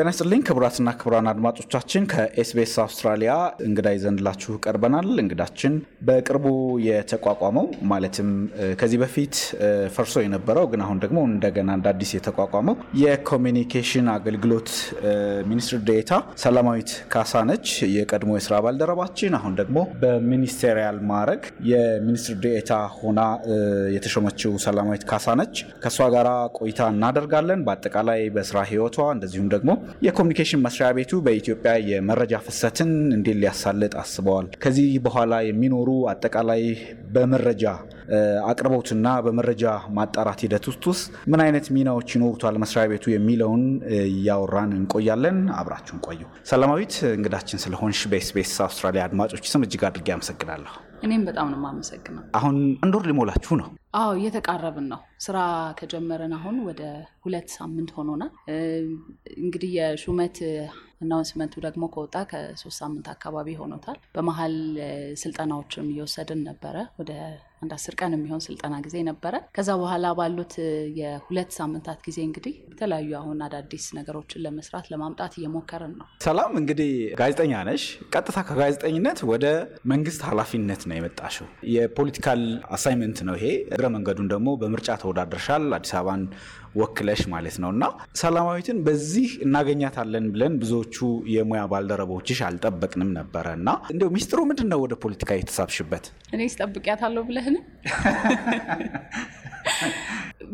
ጤና ይስጥልኝ ክቡራትና ክቡራን አድማጮቻችን ከኤስቢኤስ አውስትራሊያ እንግዳ ይዘንላችሁ ቀርበናል። እንግዳችን በቅርቡ የተቋቋመው ማለትም ከዚህ በፊት ፈርሶ የነበረው ግን አሁን ደግሞ እንደገና እንደ አዲስ የተቋቋመው የኮሚኒኬሽን አገልግሎት ሚኒስትር ዴታ ሰላማዊት ካሳ ነች። የቀድሞ የስራ ባልደረባችን አሁን ደግሞ በሚኒስቴሪያል ማዕረግ የሚኒስትር ዴታ ሆና የተሾመችው ሰላማዊት ካሳ ነች። ከእሷ ጋራ ቆይታ እናደርጋለን። በአጠቃላይ በስራ ህይወቷ እንደዚሁም ደግሞ የኮሚኒኬሽን መስሪያ ቤቱ በኢትዮጵያ የመረጃ ፍሰትን እንዴት ሊያሳልጥ አስበዋል? ከዚህ በኋላ የሚኖሩ አጠቃላይ በመረጃ አቅርቦትና በመረጃ ማጣራት ሂደት ውስጥ ውስጥ ምን አይነት ሚናዎች ይኖሩታል መስሪያ ቤቱ የሚለውን እያወራን እንቆያለን። አብራችሁን ቆዩ። ሰላማዊት እንግዳችን ስለሆንሽ በኤስቢኤስ አውስትራሊያ አድማጮች ስም እጅግ አድርጌ አመሰግናለሁ። እኔም በጣም ነው የማመሰግነው። አሁን አንድ ወር ሊሞላችሁ ነው? አዎ እየተቃረብን ነው። ስራ ከጀመረን አሁን ወደ ሁለት ሳምንት ሆኖናል። እንግዲህ የሹመት አናውንስመንቱ ደግሞ ከወጣ ከሶስት ሳምንት አካባቢ ሆኖታል። በመሀል ስልጠናዎችም እየወሰድን ነበረ ወደ አንድ አስር ቀን የሚሆን ስልጠና ጊዜ ነበረ። ከዛ በኋላ ባሉት የሁለት ሳምንታት ጊዜ እንግዲህ የተለያዩ አሁን አዳዲስ ነገሮችን ለመስራት ለማምጣት እየሞከርን ነው። ሰላም እንግዲህ ጋዜጠኛ ነሽ። ቀጥታ ከጋዜጠኝነት ወደ መንግስት ኃላፊነት ነው የመጣሽው። የፖለቲካል አሳይመንት ነው ይሄ። እግረ መንገዱን ደግሞ በምርጫ ተወዳድረሻል አዲስ አበባን ወክለሽ ማለት ነው እና ሰላማዊትን በዚህ እናገኛታለን ብለን ብዙዎቹ የሙያ ባልደረቦችሽ አልጠበቅንም ነበረ እና እንዲያው ሚስጥሩ ምንድን ነው? ወደ ፖለቲካ የተሳብሽበት እኔ ስጠብቅያታለሁ ብለህ የለህንም?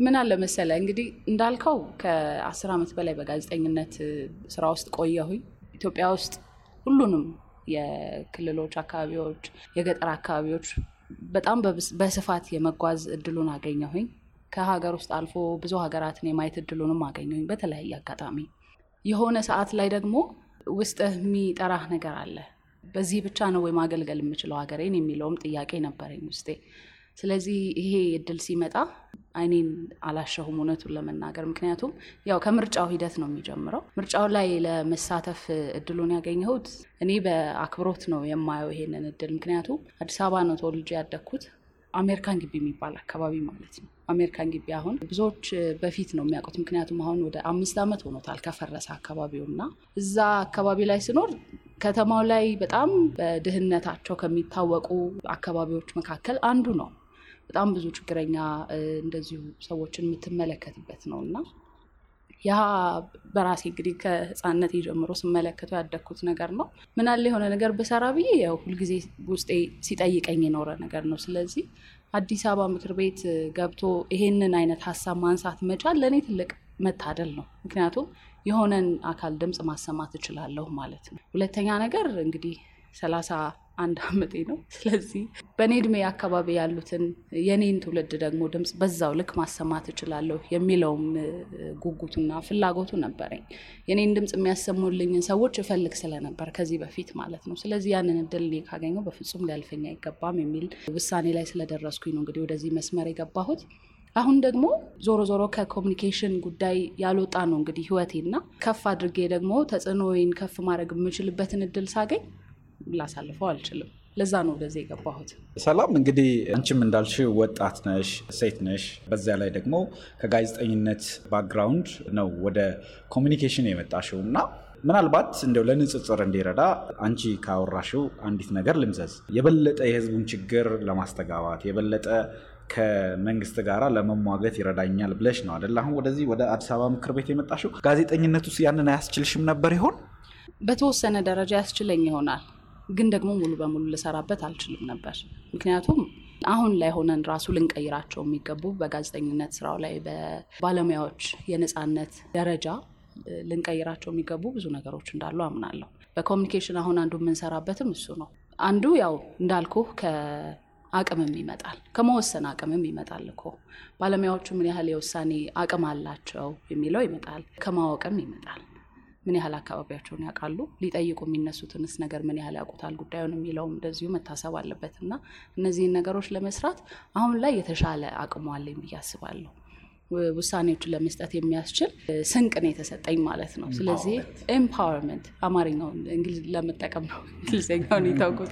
ምን አለ መሰለ እንግዲህ እንዳልከው ከአስር ዓመት በላይ በጋዜጠኝነት ስራ ውስጥ ቆየሁኝ። ኢትዮጵያ ውስጥ ሁሉንም የክልሎች አካባቢዎች፣ የገጠር አካባቢዎች በጣም በስፋት የመጓዝ እድሉን አገኘሁኝ። ከሀገር ውስጥ አልፎ ብዙ ሀገራትን የማየት እድሉንም አገኘሁኝ በተለያየ አጋጣሚ። የሆነ ሰዓት ላይ ደግሞ ውስጥህ የሚጠራህ ነገር አለ በዚህ ብቻ ነው ወይ ማገልገል የምችለው ሀገሬን የሚለውም ጥያቄ ነበረኝ ውስጤ። ስለዚህ ይሄ እድል ሲመጣ አይኔን አላሸሁም እውነቱን ለመናገር ምክንያቱም ያው ከምርጫው ሂደት ነው የሚጀምረው። ምርጫው ላይ ለመሳተፍ እድሉን ያገኘሁት እኔ በአክብሮት ነው የማየው ይሄንን እድል። ምክንያቱም አዲስ አበባ ነው ተወልጄ ያደግኩት፣ አሜሪካን ግቢ የሚባል አካባቢ ማለት ነው። አሜሪካን ግቢ አሁን ብዙዎች በፊት ነው የሚያውቁት፣ ምክንያቱም አሁን ወደ አምስት ዓመት ሆኖታል ከፈረሰ አካባቢው እና እዛ አካባቢ ላይ ስኖር ከተማው ላይ በጣም በድህነታቸው ከሚታወቁ አካባቢዎች መካከል አንዱ ነው። በጣም ብዙ ችግረኛ እንደዚሁ ሰዎችን የምትመለከትበት ነው እና ያ በራሴ እንግዲህ ከህፃነት ጀምሮ ስመለከተው ያደግኩት ነገር ነው። ምናለ የሆነ ነገር ብሰራ ብዬ ያው ሁልጊዜ ውስጤ ሲጠይቀኝ የኖረ ነገር ነው። ስለዚህ አዲስ አበባ ምክር ቤት ገብቶ ይሄንን አይነት ሀሳብ ማንሳት መቻል ለእኔ ትልቅ መታደል ነው። ምክንያቱም የሆነን አካል ድምፅ ማሰማት እችላለሁ ማለት ነው። ሁለተኛ ነገር እንግዲህ ሰላሳ አንድ አመቴ ነው። ስለዚህ በእኔ እድሜ አካባቢ ያሉትን የኔን ትውልድ ደግሞ ድምፅ በዛው ልክ ማሰማት እችላለሁ የሚለውም ጉጉቱና ፍላጎቱ ነበረኝ። የኔን ድምፅ የሚያሰሙልኝን ሰዎች እፈልግ ስለነበር ከዚህ በፊት ማለት ነው። ስለዚህ ያንን እድል እኔ ካገኘው በፍጹም ሊያልፈኝ አይገባም የሚል ውሳኔ ላይ ስለደረስኩኝ ነው እንግዲህ ወደዚህ መስመር የገባሁት። አሁን ደግሞ ዞሮ ዞሮ ከኮሚኒኬሽን ጉዳይ ያልወጣ ነው እንግዲህ ህይወቴና ከፍ አድርጌ ደግሞ ወይን ከፍ ማድረግ የምችልበትን እድል ሳገኝ ላሳልፈው አልችልም። ለዛ ነው ወደዚህ የገባሁት። ሰላም እንግዲህ አንቺም እንዳልሽ ወጣት ነሽ፣ ሴት ነሽ። በዚያ ላይ ደግሞ ከጋዜጠኝነት ባክግራውንድ ነው ወደ ኮሚኒኬሽን የመጣሽው እና ምናልባት እንደው ለንጽጽር እንዲረዳ አንቺ ካወራሽው አንዲት ነገር ልምዘዝ። የበለጠ የህዝቡን ችግር ለማስተጋባት የበለጠ ከመንግስት ጋር ለመሟገት ይረዳኛል ብለሽ ነው አደለ? አሁን ወደዚህ ወደ አዲስ አበባ ምክር ቤት የመጣሽው ጋዜጠኝነቱ ያንን አያስችልሽም ነበር ይሆን? በተወሰነ ደረጃ ያስችለኝ ይሆናል፣ ግን ደግሞ ሙሉ በሙሉ ልሰራበት አልችልም ነበር። ምክንያቱም አሁን ላይ ሆነን ራሱ ልንቀይራቸው የሚገቡ በጋዜጠኝነት ስራው ላይ በባለሙያዎች የነፃነት ደረጃ ልንቀይራቸው የሚገቡ ብዙ ነገሮች እንዳሉ አምናለሁ። በኮሚኒኬሽን አሁን አንዱ የምንሰራበትም እሱ ነው። አንዱ ያው እንዳልኩህ አቅምም ይመጣል፣ ከመወሰን አቅምም ይመጣል እኮ ባለሙያዎቹ ምን ያህል የውሳኔ አቅም አላቸው የሚለው ይመጣል፣ ከማወቅም ይመጣል። ምን ያህል አካባቢያቸውን ያውቃሉ፣ ሊጠይቁ የሚነሱትንስ ነገር ምን ያህል ያውቁታል ጉዳዩን የሚለውም እንደዚሁ መታሰብ አለበት እና እነዚህን ነገሮች ለመስራት አሁን ላይ የተሻለ አቅሟለኝ ብዬ አስባለሁ። ውሳኔዎችን ለመስጠት የሚያስችል ስንቅ ነው የተሰጠኝ ማለት ነው። ስለዚህ ኤምፓወርመንት አማርኛውን ለመጠቀም ነው እንግሊዝኛውን የታውቁት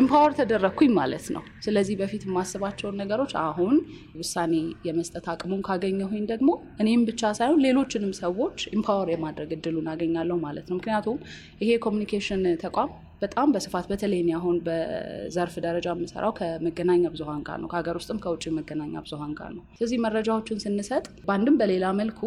ኤምፓወር ተደረግኩኝ ማለት ነው። ስለዚህ በፊት የማስባቸውን ነገሮች አሁን ውሳኔ የመስጠት አቅሙን ካገኘሁኝ ደግሞ እኔም ብቻ ሳይሆን ሌሎችንም ሰዎች ኤምፓወር የማድረግ እድሉን አገኛለሁ ማለት ነው። ምክንያቱም ይሄ የኮሚኒኬሽን ተቋም በጣም በስፋት በተለይ አሁን በዘርፍ ደረጃ የምሰራው ከመገናኛ ብዙሀን ጋር ነው፣ ከሀገር ውስጥም ከውጭ መገናኛ ብዙሀን ጋር ነው። ስለዚህ መረጃዎቹን ስንሰጥ በአንድም በሌላ መልኩ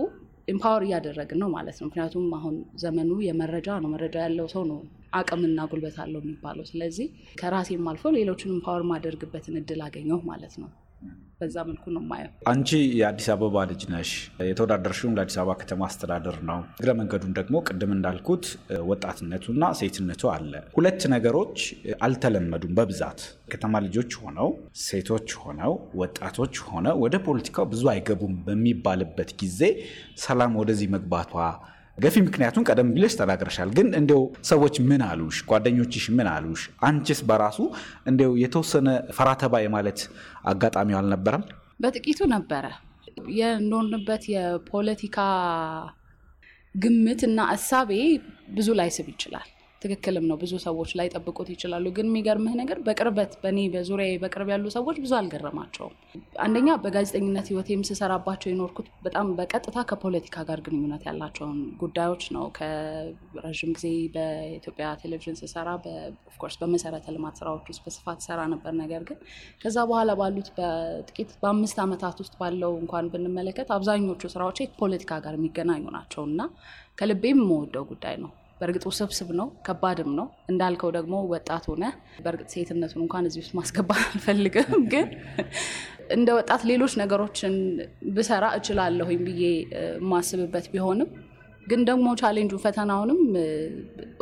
ኢምፓወር እያደረግን ነው ማለት ነው። ምክንያቱም አሁን ዘመኑ የመረጃ ነው። መረጃ ያለው ሰው ነው አቅምና ጉልበት አለው የሚባለው። ስለዚህ ከራሴም አልፎ ሌሎችን ኢምፓወር ማደርግበትን እድል አገኘሁ ማለት ነው። በዛ መልኩ ነው ማየው። አንቺ የአዲስ አበባ ልጅ ነሽ፣ የተወዳደርሽውም ለአዲስ አበባ ከተማ አስተዳደር ነው። እግረ መንገዱን ደግሞ ቅድም እንዳልኩት ወጣትነቱና ሴትነቱ አለ። ሁለት ነገሮች አልተለመዱም። በብዛት ከተማ ልጆች ሆነው ሴቶች ሆነው ወጣቶች ሆነው ወደ ፖለቲካው ብዙ አይገቡም በሚባልበት ጊዜ ሰላም ወደዚህ መግባቷ ገፊ ምክንያቱን ቀደም ብለሽ ተናግረሻል። ግን እንዲው ሰዎች ምን አሉሽ? ጓደኞችሽ ምን አሉሽ? አንቺስ በራሱ እንዲው የተወሰነ ፈራተባ የማለት አጋጣሚው አልነበረም? በጥቂቱ ነበረ። የኖርንበት የፖለቲካ ግምት እና እሳቤ ብዙ ላይስብ ይችላል። ትክክልም ነው። ብዙ ሰዎች ላይ ጠብቁት ይችላሉ። ግን የሚገርምህ ነገር በቅርበት በእኔ በዙሪያ በቅርብ ያሉ ሰዎች ብዙ አልገረማቸውም። አንደኛ በጋዜጠኝነት ህይወት ስሰራባቸው የኖርኩት በጣም በቀጥታ ከፖለቲካ ጋር ግንኙነት ያላቸውን ጉዳዮች ነው። ከረዥም ጊዜ በኢትዮጵያ ቴሌቪዥን ስሰራ ኦፍኮርስ በመሰረተ ልማት ስራዎች ውስጥ በስፋት ሰራ ነበር። ነገር ግን ከዛ በኋላ ባሉት በጥቂት በአምስት ዓመታት ውስጥ ባለው እንኳን ብንመለከት አብዛኞቹ ስራዎች ከፖለቲካ ጋር የሚገናኙ ናቸው እና ከልቤም የምወደው ጉዳይ ነው። በእርግጥ ውስብስብ ነው፣ ከባድም ነው። እንዳልከው ደግሞ ወጣት ሆነ በእርግጥ ሴትነቱን እንኳን እዚህ ውስጥ ማስገባት አልፈልግም፣ ግን እንደ ወጣት ሌሎች ነገሮችን ብሰራ እችላለሁኝ ብዬ የማስብበት ቢሆንም ግን ደግሞ ቻሌንጁ ፈተናውንም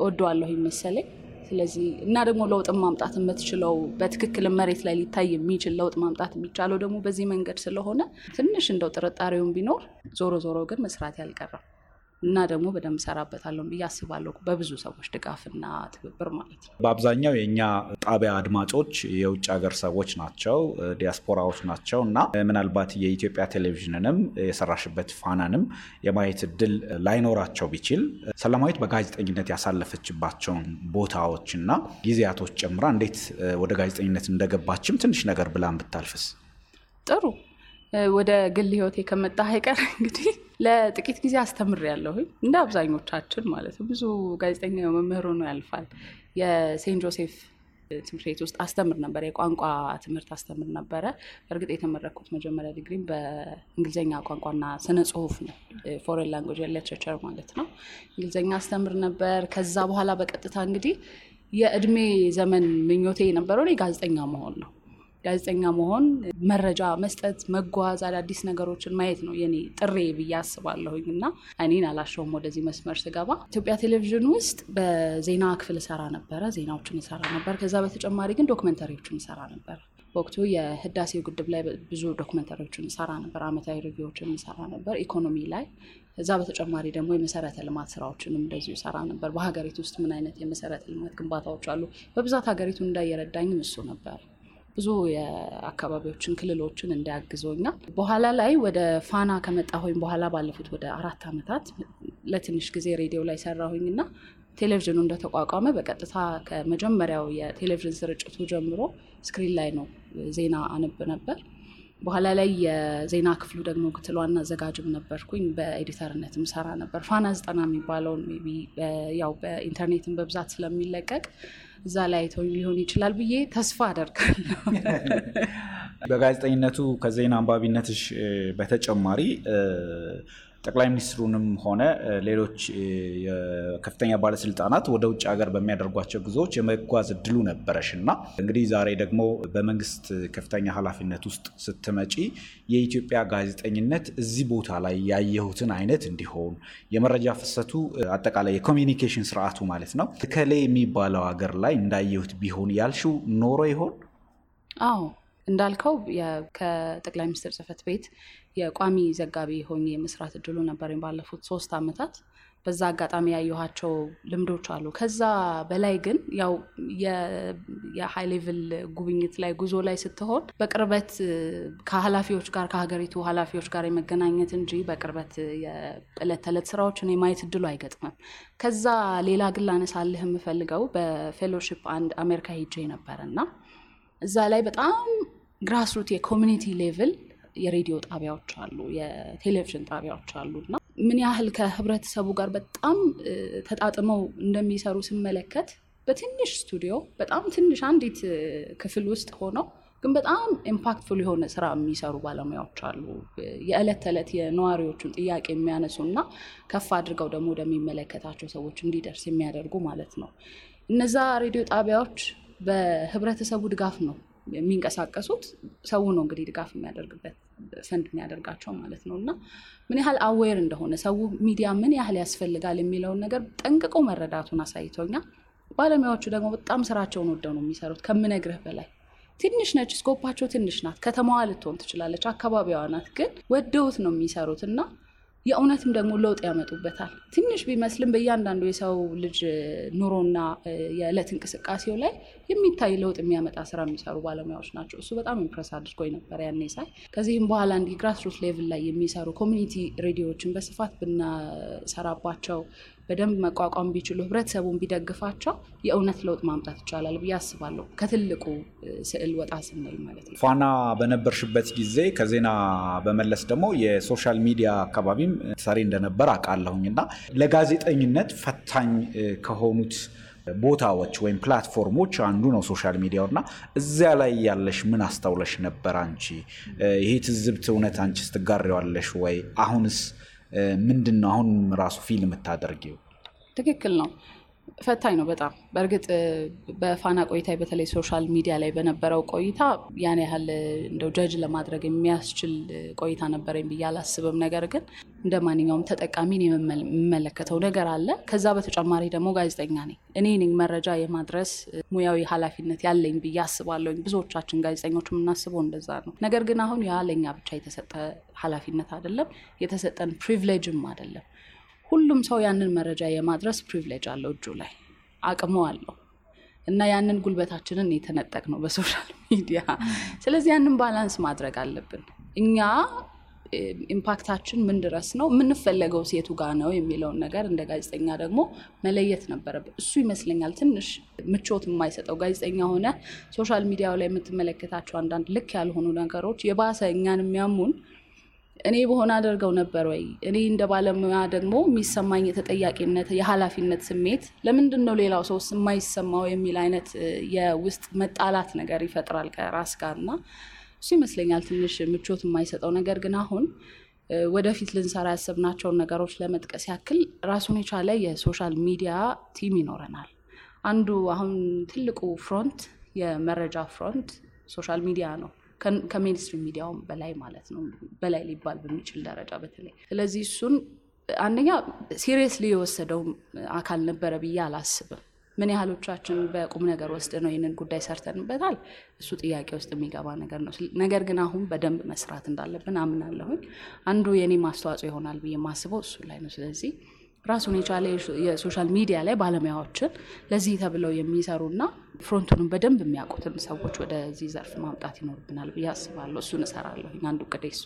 ወደዋለሁ መሰለኝ። ስለዚህ እና ደግሞ ለውጥ ማምጣት የምትችለው በትክክል መሬት ላይ ሊታይ የሚችል ለውጥ ማምጣት የሚቻለው ደግሞ በዚህ መንገድ ስለሆነ ትንሽ እንደው ጥርጣሬውን ቢኖር ዞሮ ዞሮ ግን መስራት ያልቀረም እና ደግሞ በደንብ ሰራበታለሁ ብዬ አስባለሁ። በብዙ ሰዎች ድጋፍና ትብብር ማለት ነው። በአብዛኛው የእኛ ጣቢያ አድማጮች የውጭ ሀገር ሰዎች ናቸው፣ ዲያስፖራዎች ናቸው እና ምናልባት የኢትዮጵያ ቴሌቪዥንንም የሰራሽበት ፋናንም የማየት እድል ላይኖራቸው ቢችል ሰላማዊት በጋዜጠኝነት ያሳለፈችባቸውን ቦታዎች እና ጊዜያቶች ጨምራ እንዴት ወደ ጋዜጠኝነት እንደገባችም ትንሽ ነገር ብላን ብታልፍስ ጥሩ። ወደ ግል ህይወቴ ከመጣ አይቀር እንግዲህ ለጥቂት ጊዜ አስተምር ያለሁ እንደ አብዛኞቻችን ማለት ነው። ብዙ ጋዜጠኛ መምህር ሆኖ ያልፋል። የሴንት ጆሴፍ ትምህርት ቤት ውስጥ አስተምር ነበረ። የቋንቋ ትምህርት አስተምር ነበረ። እርግጥ የተመረኩት መጀመሪያ ዲግሪም በእንግሊዝኛ ቋንቋና ስነ ጽሁፍ ነው፣ ፎሬን ላንጉጅ ሊትሬቸር ማለት ነው። እንግሊዝኛ አስተምር ነበር። ከዛ በኋላ በቀጥታ እንግዲህ የእድሜ ዘመን ምኞቴ የነበረው ጋዜጠኛ መሆን ነው። ጋዜጠኛ መሆን መረጃ መስጠት፣ መጓዝ፣ አዳዲስ ነገሮችን ማየት ነው የኔ ጥሬ ብዬ አስባለሁኝ እና እኔን አላሸውም ወደዚህ መስመር ስገባ። ኢትዮጵያ ቴሌቪዥን ውስጥ በዜና ክፍል እሰራ ነበረ፣ ዜናዎችን እሰራ ነበር። ከዛ በተጨማሪ ግን ዶክመንተሪዎችን እሰራ ነበር። በወቅቱ የህዳሴ ግድብ ላይ ብዙ ዶክመንተሪዎችን እሰራ ነበር፣ አመታዊ ሪቪዎችን እሰራ ነበር፣ ኢኮኖሚ ላይ እዛ በተጨማሪ ደግሞ የመሰረተ ልማት ስራዎችንም እንደዚሁ ሰራ ነበር። በሀገሪቱ ውስጥ ምን አይነት የመሰረተ ልማት ግንባታዎች አሉ? በብዛት ሀገሪቱ እንዳየረዳኝም እሱ ነበር። ብዙ የአካባቢዎችን ክልሎችን እንዳያግዞኛል። በኋላ ላይ ወደ ፋና ከመጣሁኝ በኋላ ባለፉት ወደ አራት ዓመታት ለትንሽ ጊዜ ሬዲዮ ላይ ሰራሁኝና ቴሌቪዥኑ እንደተቋቋመ በቀጥታ ከመጀመሪያው የቴሌቪዥን ስርጭቱ ጀምሮ ስክሪን ላይ ነው ዜና አነብ ነበር። በኋላ ላይ የዜና ክፍሉ ደግሞ ክትል ዋና አዘጋጅም ነበርኩኝ። በኤዲተርነትም ሰራ ነበር። ፋና ዘጠና የሚባለውን ያው በኢንተርኔትን በብዛት ስለሚለቀቅ እዛ ላይ አይተው ሊሆን ይችላል ብዬ ተስፋ አደርጋለሁ። በጋዜጠኝነቱ ከዜና አንባቢነትሽ በተጨማሪ ጠቅላይ ሚኒስትሩንም ሆነ ሌሎች ከፍተኛ ባለስልጣናት ወደ ውጭ ሀገር በሚያደርጓቸው ጉዞዎች የመጓዝ እድሉ ነበረሽ እና እንግዲህ ዛሬ ደግሞ በመንግስት ከፍተኛ ኃላፊነት ውስጥ ስትመጪ የኢትዮጵያ ጋዜጠኝነት እዚህ ቦታ ላይ ያየሁትን አይነት እንዲሆን የመረጃ ፍሰቱ አጠቃላይ የኮሚኒኬሽን ስርዓቱ ማለት ነው ከላይ የሚባለው ሀገር ላይ እንዳየሁት ቢሆን ያልሽው ኖሮ ይሆን? አዎ እንዳልከው ከጠቅላይ ሚኒስትር ጽህፈት ቤት የቋሚ ዘጋቢ ሆኜ የመስራት እድሉ ነበረኝ ባለፉት ሶስት አመታት። በዛ አጋጣሚ ያየኋቸው ልምዶች አሉ። ከዛ በላይ ግን ያው የሀይ ሌቭል ጉብኝት ላይ ጉዞ ላይ ስትሆን በቅርበት ከኃላፊዎች ጋር ከሀገሪቱ ኃላፊዎች ጋር የመገናኘት እንጂ በቅርበት የዕለት ተዕለት ስራዎችን የማየት እድሉ አይገጥምም። ከዛ ሌላ ግን ላነሳልህ የምፈልገው በፌሎሺፕ አንድ አሜሪካ ሄጄ ነበር እና እዛ ላይ በጣም ግራስሩት የኮሚኒቲ ሌቭል የሬዲዮ ጣቢያዎች አሉ፣ የቴሌቪዥን ጣቢያዎች አሉ እና ምን ያህል ከህብረተሰቡ ጋር በጣም ተጣጥመው እንደሚሰሩ ስመለከት በትንሽ ስቱዲዮ በጣም ትንሽ አንዲት ክፍል ውስጥ ሆነው ግን በጣም ኢምፓክትፉል የሆነ ስራ የሚሰሩ ባለሙያዎች አሉ። የዕለት ተዕለት የነዋሪዎቹን ጥያቄ የሚያነሱ እና ከፍ አድርገው ደግሞ ወደሚመለከታቸው ሰዎች እንዲደርስ የሚያደርጉ ማለት ነው። እነዛ ሬዲዮ ጣቢያዎች በህብረተሰቡ ድጋፍ ነው የሚንቀሳቀሱት። ሰው ነው እንግዲህ ድጋፍ የሚያደርግበት ሰንድ የሚያደርጋቸው ማለት ነው። እና ምን ያህል አዌር እንደሆነ ሰው ሚዲያ ምን ያህል ያስፈልጋል የሚለውን ነገር ጠንቅቆ መረዳቱን አሳይቶኛል። ባለሙያዎቹ ደግሞ በጣም ስራቸውን ወደው ነው የሚሰሩት ከምነግርህ በላይ ትንሽ ነች፣ ስኮፓቸው ትንሽ ናት። ከተማዋ ልትሆን ትችላለች፣ አካባቢዋ ናት፣ ግን ወደውት ነው የሚሰሩት እና የእውነትም ደግሞ ለውጥ ያመጡበታል። ትንሽ ቢመስልም በእያንዳንዱ የሰው ልጅ ኑሮና የዕለት እንቅስቃሴው ላይ የሚታይ ለውጥ የሚያመጣ ስራ የሚሰሩ ባለሙያዎች ናቸው። እሱ በጣም ኢምፕረስ አድርጎኝ ነበር ያኔ ሳይ። ከዚህም በኋላ እንዲህ ግራስሮት ሌቭል ላይ የሚሰሩ ኮሚኒቲ ሬዲዮዎችን በስፋት ብናሰራባቸው በደንብ መቋቋም ቢችሉ ህብረተሰቡን ቢደግፋቸው የእውነት ለውጥ ማምጣት ይቻላል ብዬ አስባለሁ። ከትልቁ ስዕል ወጣ ስንል ማለት ነው። ፋና በነበርሽበት ጊዜ ከዜና በመለስ ደግሞ የሶሻል ሚዲያ አካባቢም ሰሪ እንደነበር አውቃለሁኝ እና ለጋዜጠኝነት ፈታኝ ከሆኑት ቦታዎች ወይም ፕላትፎርሞች አንዱ ነው ሶሻል ሚዲያው እና እዚያ ላይ ያለሽ ምን አስተውለሽ ነበር አንቺ? ይሄ ትዝብት እውነት አንቺ ስትጋሪዋለሽ ወይ? አሁንስ ምንድን ነው አሁን ራሱ ፊል የምታደርጊው? ትክክል ነው። ፈታኝ ነው በጣም በእርግጥ በፋና ቆይታ በተለይ ሶሻል ሚዲያ ላይ በነበረው ቆይታ ያን ያህል እንደው ጀጅ ለማድረግ የሚያስችል ቆይታ ነበረኝ ብዬ አላስብም። ነገር ግን እንደ ማንኛውም ተጠቃሚን የምመለከተው ነገር አለ። ከዛ በተጨማሪ ደግሞ ጋዜጠኛ ነኝ እኔ መረጃ የማድረስ ሙያዊ ኃላፊነት ያለኝ ብዬ አስባለሁኝ። ብዙዎቻችን ጋዜጠኞች የምናስበው እንደዛ ነው። ነገር ግን አሁን ያለኛ ብቻ የተሰጠ ኃላፊነት አይደለም፣ የተሰጠን ፕሪቪሌጅም አይደለም ሁሉም ሰው ያንን መረጃ የማድረስ ፕሪቪሌጅ አለው እጁ ላይ አቅሞ አለው እና ያንን ጉልበታችንን የተነጠቅ ነው በሶሻል ሚዲያ። ስለዚህ ያንን ባላንስ ማድረግ አለብን። እኛ ኢምፓክታችን ምን ድረስ ነው፣ የምንፈለገው ሴቱ ጋ ነው የሚለውን ነገር እንደ ጋዜጠኛ ደግሞ መለየት ነበረብን። እሱ ይመስለኛል ትንሽ ምቾት የማይሰጠው ጋዜጠኛ ሆነ ሶሻል ሚዲያው ላይ የምትመለከታቸው አንዳንድ ልክ ያልሆኑ ነገሮች የባሰ እኛን የሚያሙን እኔ በሆነ አደርገው ነበር ወይ? እኔ እንደ ባለሙያ ደግሞ የሚሰማኝ የተጠያቂነት የኃላፊነት ስሜት ለምንድን ነው ሌላው ሰው የማይሰማው የሚል አይነት የውስጥ መጣላት ነገር ይፈጥራል ከራስ ጋር እና እሱ ይመስለኛል ትንሽ ምቾት የማይሰጠው ነገር ግን አሁን ወደፊት ልንሰራ ያሰብናቸውን ነገሮች ለመጥቀስ ያክል ራሱን የቻለ የሶሻል ሚዲያ ቲም ይኖረናል። አንዱ አሁን ትልቁ ፍሮንት የመረጃ ፍሮንት ሶሻል ሚዲያ ነው። ከሜንስትሪም ሚዲያውም በላይ ማለት ነው በላይ ሊባል በሚችል ደረጃ በተለይ ስለዚህ እሱን አንደኛ ሲሪየስሊ የወሰደው አካል ነበረ ብዬ አላስብም። ምን ያህሎቻችን በቁም ነገር ወስድ ነው ይህንን ጉዳይ ሰርተንበታል? እሱ ጥያቄ ውስጥ የሚገባ ነገር ነው። ነገር ግን አሁን በደንብ መስራት እንዳለብን አምናለሁኝ። አንዱ የኔ ማስተዋጽኦ ይሆናል ብዬ የማስበው እሱ ላይ ነው። ስለዚህ ራሱን የቻለ የሶሻል ሚዲያ ላይ ባለሙያዎችን ለዚህ ተብለው የሚሰሩ የሚሰሩና ፍሮንቱንም በደንብ የሚያውቁትን ሰዎች ወደዚህ ዘርፍ ማምጣት ይኖርብናል ብዬ አስባለሁ። እሱን እሰራለሁ። አንዱ ቅዴ እሱ